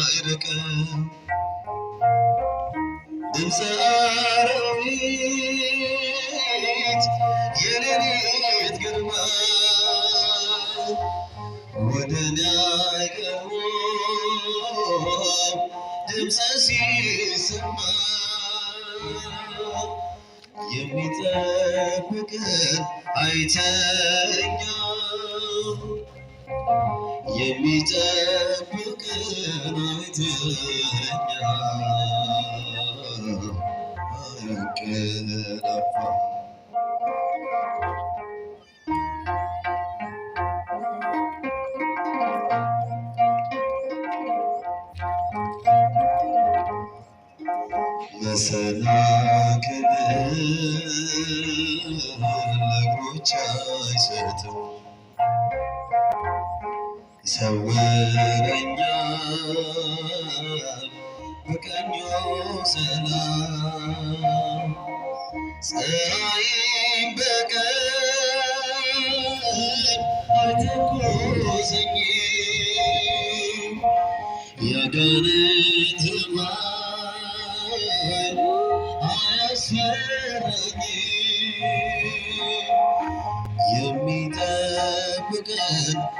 አይርቅም ድምፀ አራዊት የሌሊት ግርማ ወደ ላይ ቀርቦ ድምፀ ሲሰማ የሚጠብቀን አይተኛም የሚጠብቅን እግረኛ መሰናክል ለእግሮች አይሰጥም ይሰውረኛል በቀኙ ሰላም ፀሐይም በቀን አትኩሰኝም ያጋንንት ማል የሚጠብቀን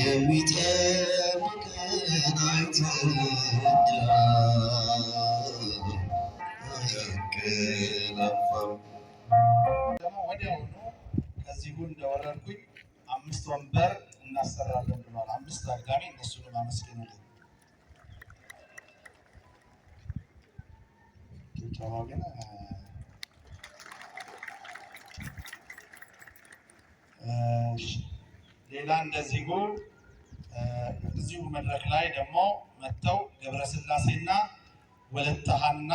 የሚጠብቀን አይተኛም። ወዲያውኑ ከዚሁ እንደወረድኩኝ አምስት ወንበር እናሰራለን ብሏል። አምስት አጋሚ እነሱንም አመስግኑልኝ። ሌላ እንደዚሁ እዚሁ መድረክ ላይ ደግሞ መጥተው ገብረስላሴና ወለተ ሐና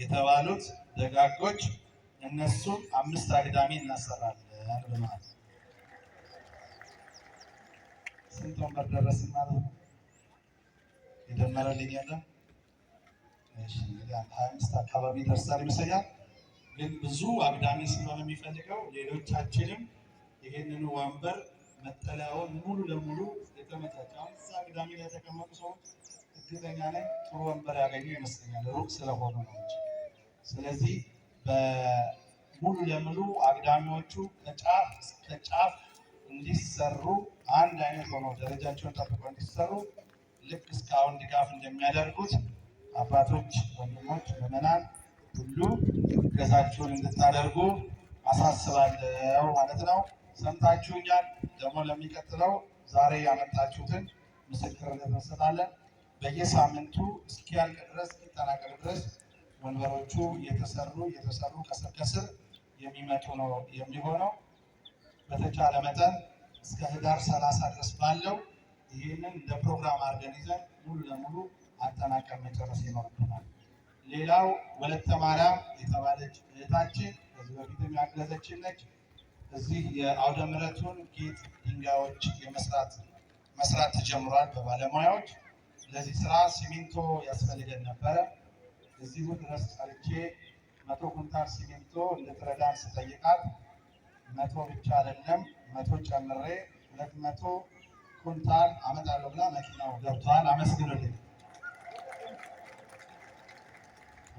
የተባሉት ደጋጎች እነሱን አምስት አግዳሚ እናሰራለን በማለት ስንት ወንበር ደረስን ማለት የደመረልኝ ያለ ሀያ አምስት አካባቢ ደርሳል ይመስለኛል። ግን ብዙ አግዳሚ ስለሆነ የሚፈልገው ሌሎቻችንም ይህንን ወንበር መጠለያውን ሙሉ ለሙሉ የተመቻቸ አሁን እዛ ላይ የተቀመጡ ሰዎች እድለኛ ላይ ጥሩ ወንበር ያገኙ ይመስለኛል ሩቅ ስለሆኑ ነው እንጂ። ስለዚህ ሙሉ ለሙሉ አግዳሚዎቹ ከጫፍ እስከ ጫፍ እንዲሰሩ አንድ አይነት ሆኖ ደረጃቸውን ጠብቀው እንዲሰሩ ልክ እስካሁን ድጋፍ እንደሚያደርጉት አባቶች፣ ወንድሞች፣ ምዕመናን ሁሉ እገዛችሁን እንድታደርጉ አሳስባለው ማለት ነው። ሰምታችሁኛል። ደግሞ ለሚቀጥለው ዛሬ ያመጣችሁትን ምስክርነት እንሰጣለን። በየሳምንቱ እስኪያልቅ ድረስ እስኪጠናቀቅ ድረስ ወንበሮቹ የተሰሩ የተሰሩ ከስር ከስር የሚመጡ ነው የሚሆነው። በተቻለ መጠን እስከ ህዳር ሰላሳ ድረስ ባለው ይህንን እንደ ፕሮግራም አድርገን ይዘን ሙሉ ለሙሉ አጠናቀር መጨረስ ይኖርብናል። ሌላው ወለተ ማርያም የተባለች እህታችን ከዚህ በፊትም ያገዘችን ነች። እዚህ የአውደ ምሕረቱን ጌጥ ድንጋዮች የመስራት መስራት ተጀምሯል በባለሙያዎች። ለዚህ ስራ ሲሚንቶ ያስፈልገን ነበረ። እዚሁ ድረስ ጠርቼ መቶ ኩንታል ሲሚንቶ እንድትረዳን ስጠይቃት መቶ ብቻ አይደለም መቶ ጨምሬ ሁለት መቶ ኩንታል አመጣለሁ ብላ መኪናው ገብቷል። አመስግኑልኝ።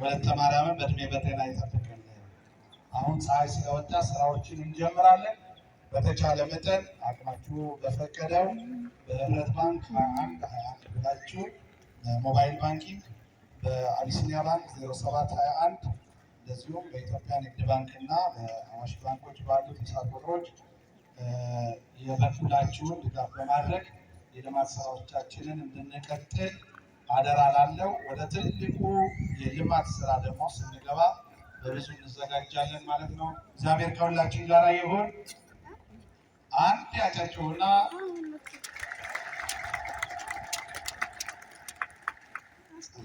ወለተ ማርያምን በእድሜ በጤና ይጠብቅ። አሁን ፀሐይ ስለወጣ ስራዎችን እንጀምራለን። በተቻለ መጠን አቅማችሁ በፈቀደው በህብረት ባንክ ሀያ አንድ ሀያ ብላችሁ ሞባይል ባንኪንግ በአቢሲኒያ ባንክ ዜሮ ሰባት ሀያ አንድ እንደዚሁም በኢትዮጵያ ንግድ ባንክ እና በአዋሽ ባንኮች ባሉት ሂሳብ የበኩላችሁን ድጋፍ በማድረግ የልማት ስራዎቻችንን እንድንቀጥል አደራ ላለው ወደ ትልቁ የልማት ስራ ደግሞ ስንገባ ለብዙ እንዘጋጃለን ማለት ነው። እግዚአብሔር ከሁላችን ጋር ይሁን። አንድ ያጫጭውና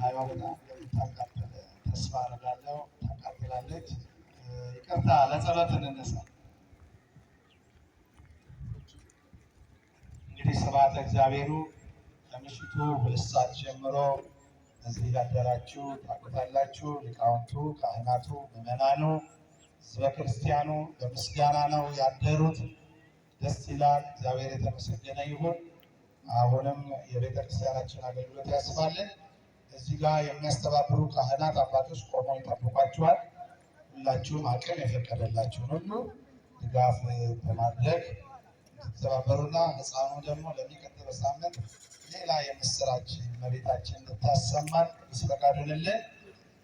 ሀይዋ በጣም እንደምታቃጥል ተስፋ አደርጋለሁ። ታቃጥላለች። ይቅርታ ለጸሎት እንነሳ። እንግዲህ ስብሐተ እግዚአብሔሩ ከምሽቱ ሁለት ሰዓት ጀምሮ እዚህ ያደራችሁ ታውቁታላችሁ። ሊቃውንቱ፣ ካህናቱ፣ ምዕመናኑ፣ ህዝበ ክርስቲያኑ በምስጋና ነው ያደሩት። ደስ ይላል። እግዚአብሔር የተመሰገነ ይሁን። አሁንም የቤተ ክርስቲያናችን አገልግሎት ያስባልን። እዚህ ጋር የሚያስተባብሩ ካህናት አባቶች ቆመው ይጠብቋችኋል። ሁላችሁም አቅም የፈቀደላችሁን ሁሉ ድጋፍ በማድረግ ተባበሩና ህፃኑ ደግሞ ለሚቀጥለው ሳምንት ሌላ የምስራች መቤታችን እንድታሰማን ቅዱስ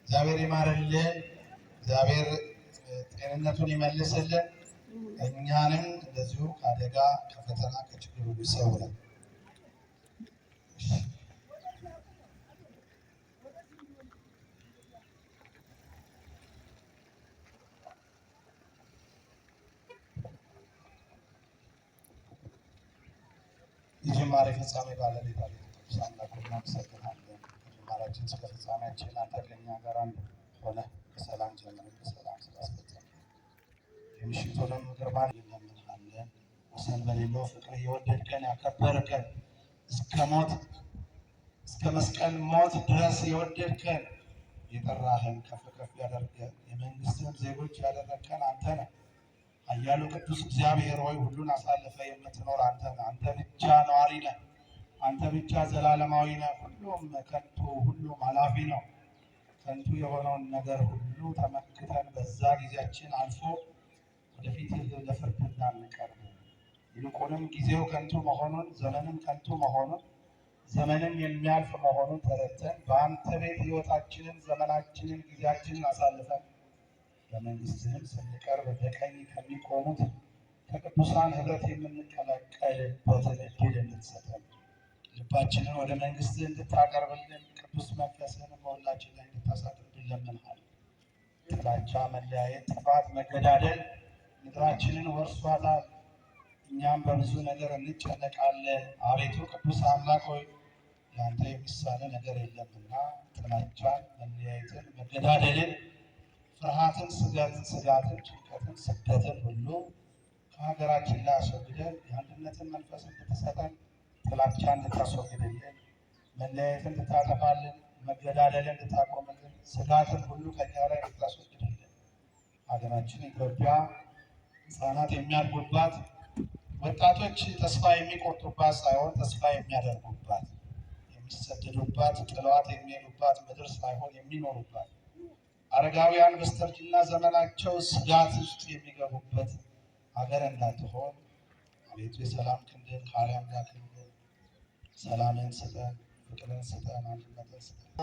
እግዚአብሔር ይማርልን። እግዚአብሔር ጤንነቱን ይመልስልን። እኛንም እንደዚሁ ከአደጋ ከፈተና ከችግር ሁሉ የዝማሬ ፍጻሜ ባለቤት ቤተክርስቲያን አምላክ እናመሰግናለን። ከጅማራችን ስለ ፍጻሜያችን አንተ ከኛ ጋር አንድ ሆነህ በሰላም ጀምረን በሰላም ስላስፈጸምን የምሽቱንም ግርማ እንለምንሃለን። ወሰን በሌለው ፍቅር የወደድከን ያከበርከን እስከ ሞት እስከ መስቀል ሞት ድረስ የወደድከን የጠራህን ከፍ ከፍ ያደርገ የመንግስትን ዜጎች ያደረግከን አንተ ነህ። አያሉ ቅዱስ እግዚአብሔር ሆይ ሁሉን አሳልፈ የምትኖር አንተ አንተ ብቻ ነዋሪ ነህ። አንተ ብቻ ዘላለማዊ ነህ። ሁሉም ከንቱ፣ ሁሉም ኃላፊ ነው። ከንቱ የሆነውን ነገር ሁሉ ተመክተን በዛ ጊዜያችን አልፎ ወደፊት ለፍርድ እንዳንቀርብ ይልቁንም ጊዜው ከንቱ መሆኑን ዘመንም ከንቱ መሆኑን ዘመንም የሚያልፍ መሆኑን ተረድተን በአንተ ቤት ሕይወታችንን ዘመናችንን ጊዜያችንን አሳልፈን በመንግስትህም ስንቀርብ በቀኝ ከሚቆሙት ከቅዱሳን ህብረት የምንቀላቀልበትን እድል እንድትሰጠን ልባችንን ወደ መንግስት እንድታቀርብልን ቅዱስ መንፈስህን በሁላችን ላይ እንድታሳድርብን ለምንሃል። ጥላቻ፣ መለያየት፣ ጥፋት፣ መገዳደል ምድራችንን ወርሷታል። እኛም በብዙ ነገር እንጨነቃለን። አቤቱ ቅዱስ አምላክ ሆይ ለአንተ የሚሳነ ነገር የለምና ጥላቻን፣ መለያየትን፣ መገዳደልን ፍርሃትን፣ ስጋትን፣ ጭንቀትን፣ ስደትን ሁሉ ከሀገራችን ላይ አስወግደን የአንድነትን መንፈስ እንድትሰጠን፣ ጥላቻን እንድታስወግድልን፣ መለያየትን እንድታጠፋልን፣ መገዳደልን እንድታቆምልን፣ ስጋትን ሁሉ ከኛ ላይ እንድታስወግድልን ሀገራችን ኢትዮጵያ ህጻናት የሚያድጉባት ወጣቶች ተስፋ የሚቆርጡባት ሳይሆን ተስፋ የሚያደርጉባት የሚሰደዱባት ጥለዋት የሚሄዱባት ምድር ሳይሆን የሚኖሩባት አረጋውያን በስተርጅና ዘመናቸው ስጋት ውስጥ የሚገቡበት ሀገር እንዳትሆን አቤቱ የሰላም ክንድን ከአርያም ጋር ክንድ ሰላምን ስጠን፣ ፍቅርን ስጠን፣ አንድነትን ስጠን።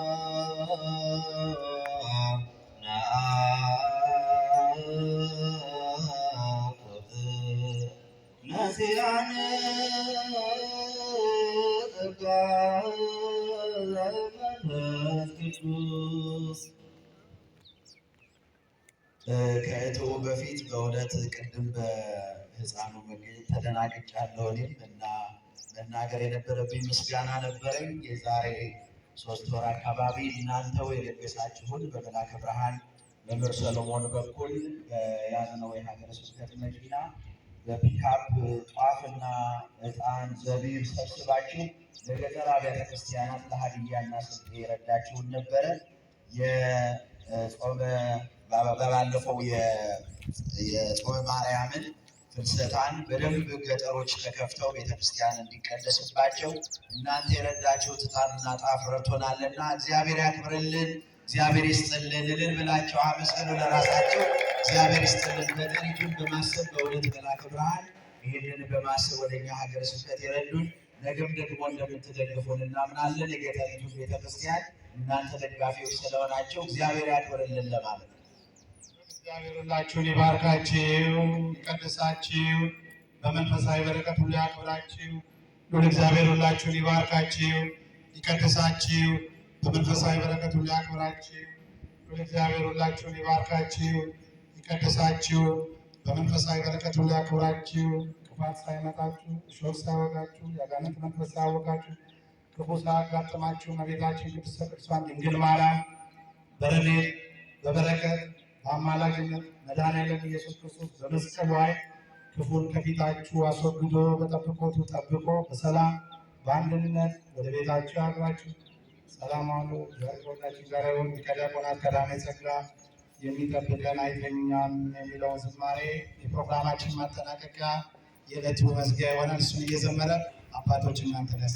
ቅዱስ ከእቶ በፊት በእውነት ቅድም በህፃኑ መገኘት ተደናግጫለሁ። እኔም እና መናገር የነበረብኝ ምስጋና ነበረኝ። የዛሬ ሶስት ወር አካባቢ እናንተው የለገሳችሁን በመላከ ብርሃን መምህር ሰሎሞን በኩል በያዝነው የሀገረ ስብከት መኪና በፒካፕ እና ዕጣን ዘቢብ ሰብስባችሁ ለገጠር አብያተ ክርስቲያናት ለሀድያና ስንዴ የረዳችሁን ነበረ የጾመ በባለፈው የጦር ማርያምን ፍልሰታን በደንብ ገጠሮች ተከፍተው ቤተክርስቲያን እንዲቀደስባቸው እናንተ የረዳቸው ትታንና ጣፍ ረድቶናልና እግዚአብሔር ያክብርልን፣ እግዚአብሔር ይስጥልን እልል ብላቸው አመሰሉ ለራሳቸው። እግዚአብሔር ይስጥልን። በጠሪቱን በማሰብ በእውነት መልአከ ብርሃን ይህንን በማሰብ ወደኛ ሀገር ስብከት የረዱን ነገም ደግሞ እንደምትደግፉን እናምናለን። የገጠሪቱን ቤተክርስቲያን እናንተ ደጋፊዎች ስለሆናቸው እግዚአብሔር ያክብርልን ለማለት ነው። እግዚአብሔር ሁላችሁን ይባርካችሁ፣ ይቀድሳችሁ፣ በመንፈሳዊ በረከት ሁሉ ያክብራችሁ። ሁሉ እግዚአብሔር ሁላችሁን ይባርካችሁ፣ ይቀድሳችሁ፣ በመንፈሳዊ በረከት ሁሉ ያክብራችሁ። ሁሉ እግዚአብሔር ሁላችሁን ይባርካችሁ፣ ይቀድሳችሁ፣ በመንፈሳዊ በረከት ሁሉ ያክብራችሁ። ክፋት ሳይመጣችሁ፣ እሾህ ሳይወጋችሁ፣ የአጋንንት መንፈስ ሳያወቃችሁ፣ ክፉ ሳያጋጥማችሁ እመቤታችን ቅድስት ቅዱሳን ድንግል ማርያም በረድኤት በበረከት በአማላጅነት መድኃኔዓለም ኢየሱስ ክርስቶስ በመስቀሉ ኃይል ክፉን ከፊታችሁ አስወግዶ በጠብቆቱ ጠብቆ በሰላም በአንድነት ወደ ቤታችሁ ያግባችሁ። ሰላም አሉ ከሁላችን ጋር ይሁን። ከዲያቆናት ቀዳሜ ጸጋ የሚጠብቀን አይተኛም የሚለውን ዝማሬ የፕሮግራማችን ማጠናቀቂያ የዕለቱ መዝጊያ የሆነ እሱን እየዘመረ አባቶች እናንተ ደስ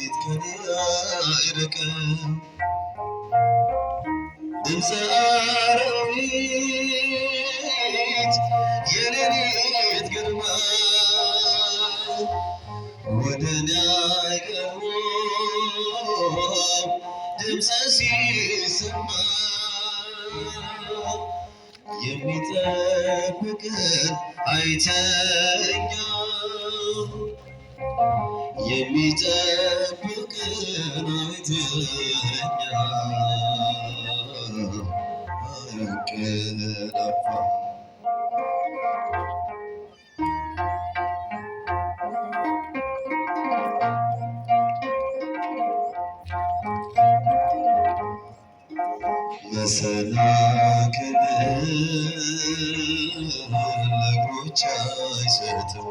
ሌሊት ከኔ አይርቅም ድምፀ አራዊት የሌሊት ግርማ ወደ እኔ ድምፀ ሲሰማ የሚጠብቅን አይተኛም የሚጠብቅን ትረኛ አንቀላፋ መሰናክል ለእግሮች አይሰጥም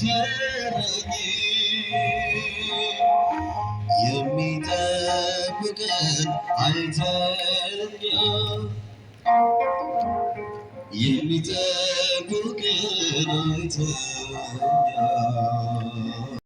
ሲያደርግ የሚጠብቀን አይተኛ የሚጠብቀን አይተኛ